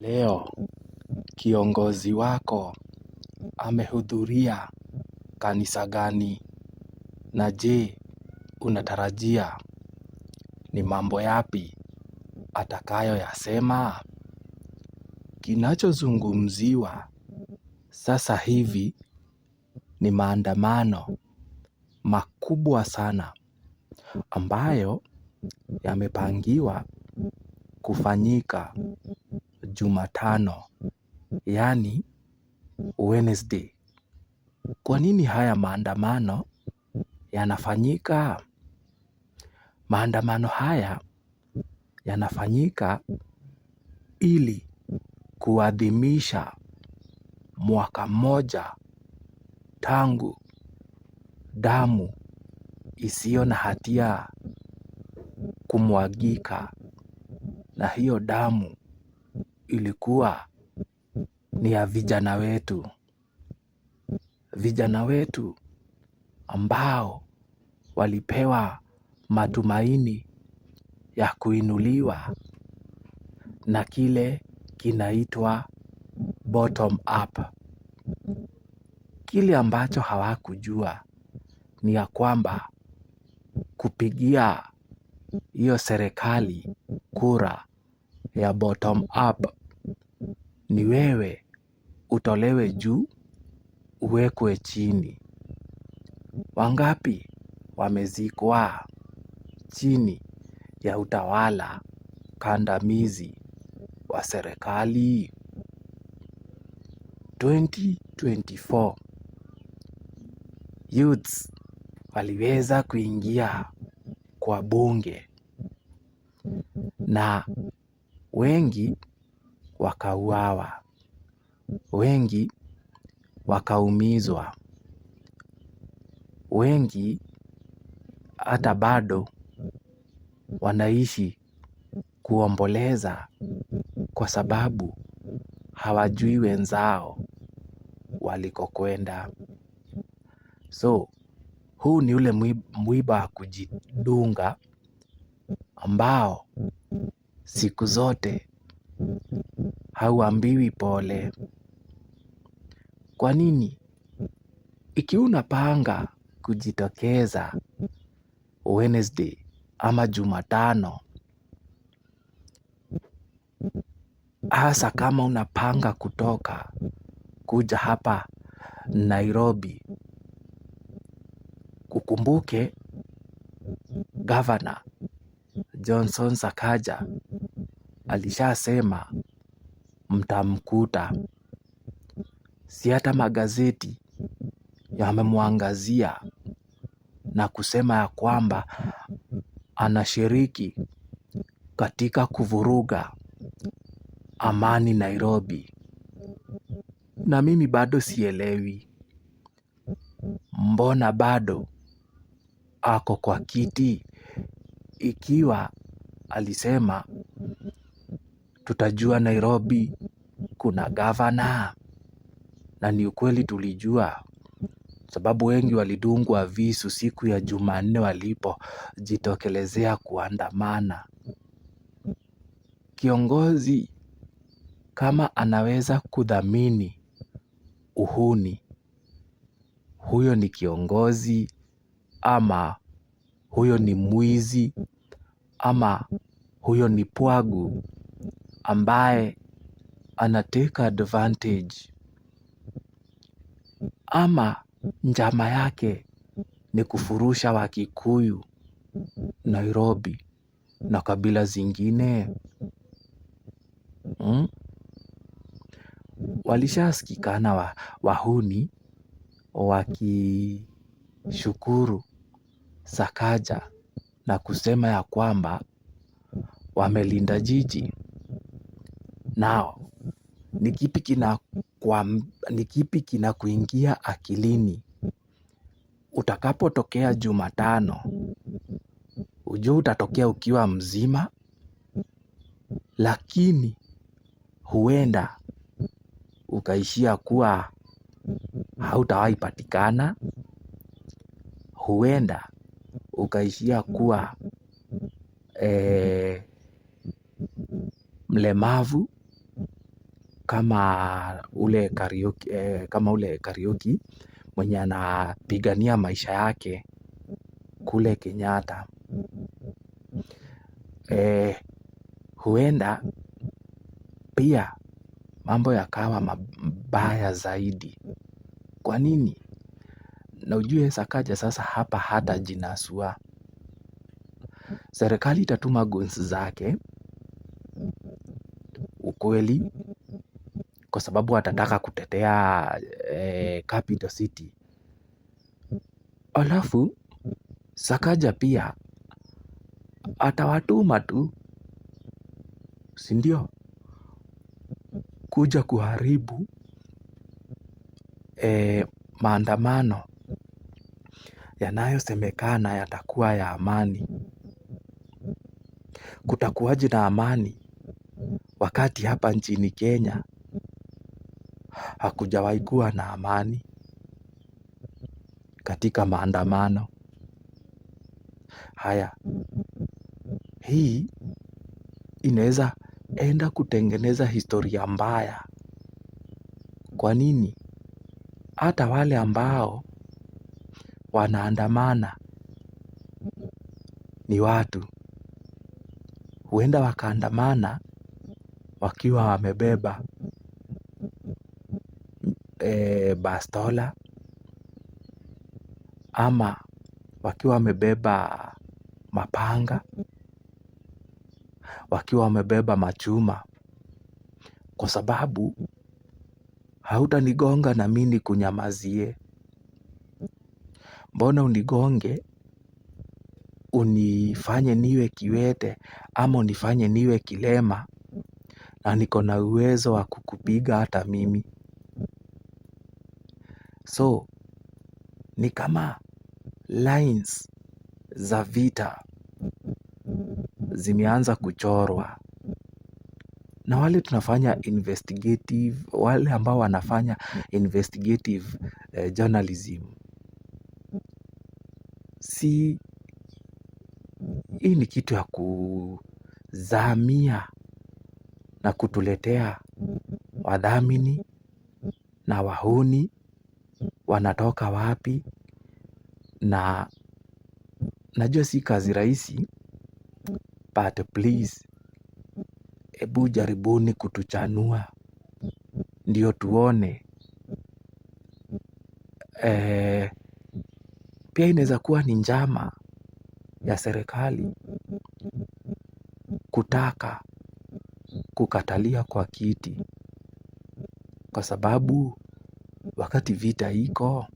Leo kiongozi wako amehudhuria kanisa gani na je unatarajia ni mambo yapi atakayo yasema? Kinachozungumziwa sasa hivi ni maandamano makubwa sana ambayo yamepangiwa kufanyika Jumatano, yaani Wednesday. Kwa nini haya maandamano yanafanyika? Maandamano haya yanafanyika ili kuadhimisha mwaka mmoja tangu damu isiyo na hatia kumwagika na hiyo damu ilikuwa ni ya vijana wetu. Vijana wetu ambao walipewa matumaini ya kuinuliwa na kile kinaitwa bottom up. Kile ambacho hawakujua ni ya kwamba kupigia hiyo serikali kura ya bottom up ni wewe utolewe juu uwekwe chini. Wangapi wamezikwa chini ya utawala kandamizi wa serikali? 2024 youths waliweza kuingia kwa bunge na wengi wakauawa, wengi wakaumizwa, wengi hata bado wanaishi kuomboleza kwa sababu hawajui wenzao walikokwenda. So huu ni ule mwiba wa kujidunga ambao siku zote hauambiwi pole. Kwa nini? Ikiwa unapanga kujitokeza Wednesday ama Jumatano, hasa kama unapanga kutoka kuja hapa Nairobi, ukumbuke gavana Johnson Sakaja alishasema mtamkuta. Si hata magazeti yamemwangazia na kusema ya kwamba anashiriki katika kuvuruga amani Nairobi. Na mimi bado sielewi, mbona bado ako kwa kiti ikiwa alisema tutajua Nairobi kuna gavana. Na ni ukweli tulijua, sababu wengi walidungwa visu siku ya Jumanne walipojitokelezea kuandamana. Kiongozi kama anaweza kudhamini uhuni, huyo ni kiongozi ama huyo ni mwizi ama huyo ni pwagu ambaye anatake advantage ama njama yake ni kufurusha wakikuyu Nairobi na kabila zingine hmm? Walishasikikana wa, wahuni wakishukuru Sakaja na kusema ya kwamba wamelinda jiji nao ni kipi kina ni kipi kinakuingia akilini utakapotokea Jumatano ujue utatokea ukiwa mzima, lakini huenda ukaishia kuwa hautawahi patikana, huenda ukaishia kuwa e, mlemavu kama ule eh, kama ule karaoke mwenye anapigania maisha yake kule Kenyatta. Eh, huenda pia mambo yakawa mabaya zaidi. Kwa nini? Na ujue Sakaja sasa hapa jinasua, Serikali itatuma goons zake, ukweli kwa sababu atataka kutetea eh, capital city. Alafu Sakaja pia atawatuma tu si ndio kuja kuharibu eh, maandamano yanayosemekana yatakuwa ya amani. Kutakuwaje na amani wakati hapa nchini Kenya hakujawahi kuwa na amani katika maandamano haya. Hii inaweza enda kutengeneza historia mbaya. Kwa nini? Hata wale ambao wanaandamana ni watu, huenda wakaandamana wakiwa wamebeba Eh, bastola ama wakiwa wamebeba mapanga, wakiwa wamebeba machuma kwa sababu hautanigonga na mimi nikunyamazie. Mbona unigonge unifanye niwe kiwete ama unifanye niwe kilema na niko na uwezo wa kukupiga hata mimi. So ni kama lines za vita zimeanza kuchorwa na wale tunafanya investigative, wale ambao wanafanya investigative eh, journalism. Si hii ni kitu ya kuzamia na kutuletea wadhamini na wahuni wanatoka wapi na najua si kazi rahisi but please hebu jaribuni kutuchanua ndio tuone e, pia inaweza kuwa ni njama ya serikali kutaka kukatalia kwa kiti kwa sababu wakati vita iko?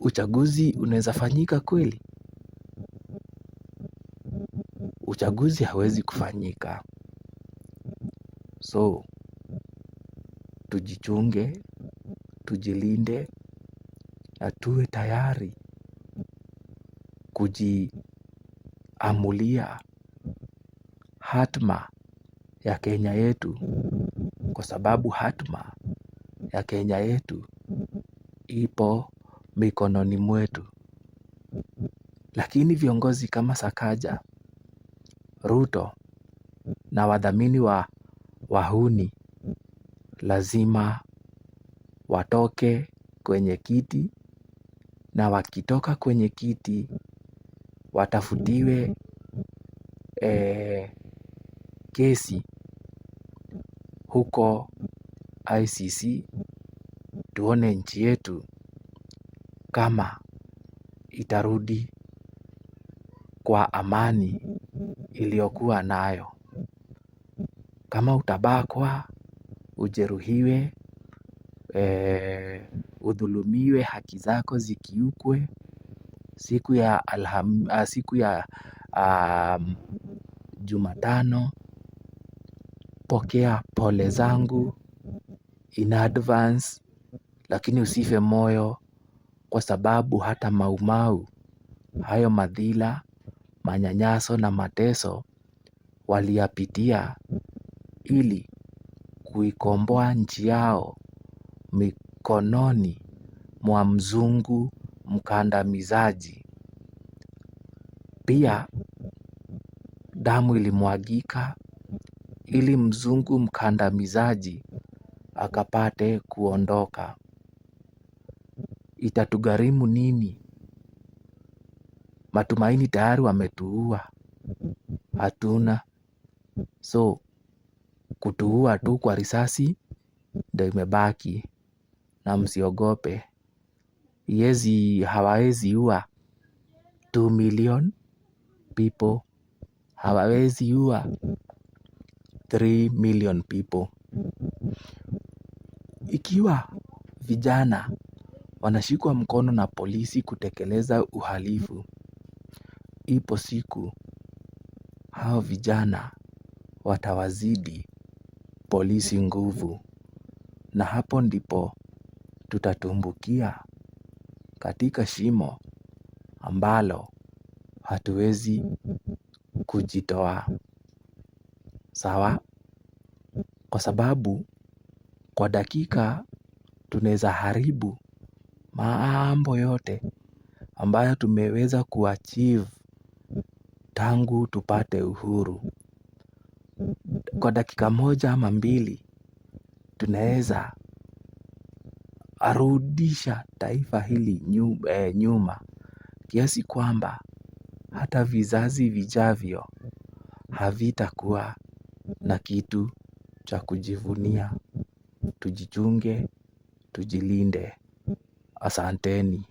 Uchaguzi unaweza fanyika kweli? Uchaguzi hawezi kufanyika. So tujichunge, tujilinde na tuwe tayari kujiamulia hatma ya Kenya yetu, kwa sababu hatma ya Kenya yetu ipo mikononi mwetu. Lakini viongozi kama Sakaja, Ruto na wadhamini wa wahuni lazima watoke kwenye kiti, na wakitoka kwenye kiti watafutiwe e, kesi huko ICC tuone nchi yetu kama itarudi kwa amani iliyokuwa nayo. Kama utabakwa, ujeruhiwe, eh, udhulumiwe, haki zako zikiukwe, siku ya alham, ah, siku ya a, ah, Jumatano, pokea pole zangu in advance lakini usife moyo kwa sababu hata maumau hayo madhila, manyanyaso na mateso waliyapitia ili kuikomboa nchi yao mikononi mwa mzungu mkandamizaji. Pia damu ilimwagika ili mzungu mkandamizaji akapate kuondoka itatugharimu nini? Matumaini tayari wametuua, hatuna so kutuua tu kwa risasi ndo imebaki, na msiogope, iezi hawawezi ua 2 million people, hawawezi ua 3 million people. Ikiwa vijana wanashikwa mkono na polisi kutekeleza uhalifu. Ipo siku hao vijana watawazidi polisi nguvu, na hapo ndipo tutatumbukia katika shimo ambalo hatuwezi kujitoa. Sawa, kwa sababu kwa dakika tunaweza haribu mambo yote ambayo tumeweza kuachieve tangu tupate uhuru. Kwa dakika moja ama mbili, tunaweza arudisha taifa hili eh, nyuma. Kiasi kwamba hata vizazi vijavyo havitakuwa na kitu cha kujivunia. Tujichunge, tujilinde. Asanteni.